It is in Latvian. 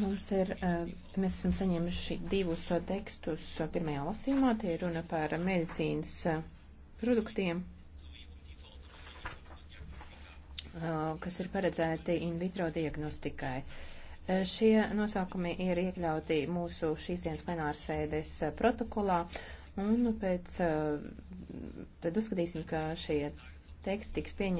Mums ir, eh, mēs esam saņēmuši divus tekstus pirmajā lasījumā, tie ir runa par medicīnas eh, produktiem, eh, kas ir paredzēti in vitro diagnostikai. Šie nosaukumi ir iekļauti mūsu šīsdienas plenārsēdes protokolā, un nu, pēc, tad uzskatīsim, ka šie teksti tiks pieņemti.